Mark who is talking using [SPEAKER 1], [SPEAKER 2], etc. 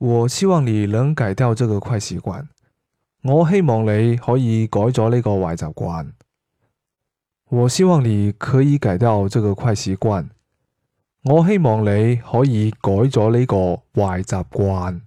[SPEAKER 1] 我希望你能改掉這個壞習慣。我希望你可以改咗呢個壞習慣。我希望你可以改掉這個壞習慣。我希望你可以改咗呢個壞習
[SPEAKER 2] 慣。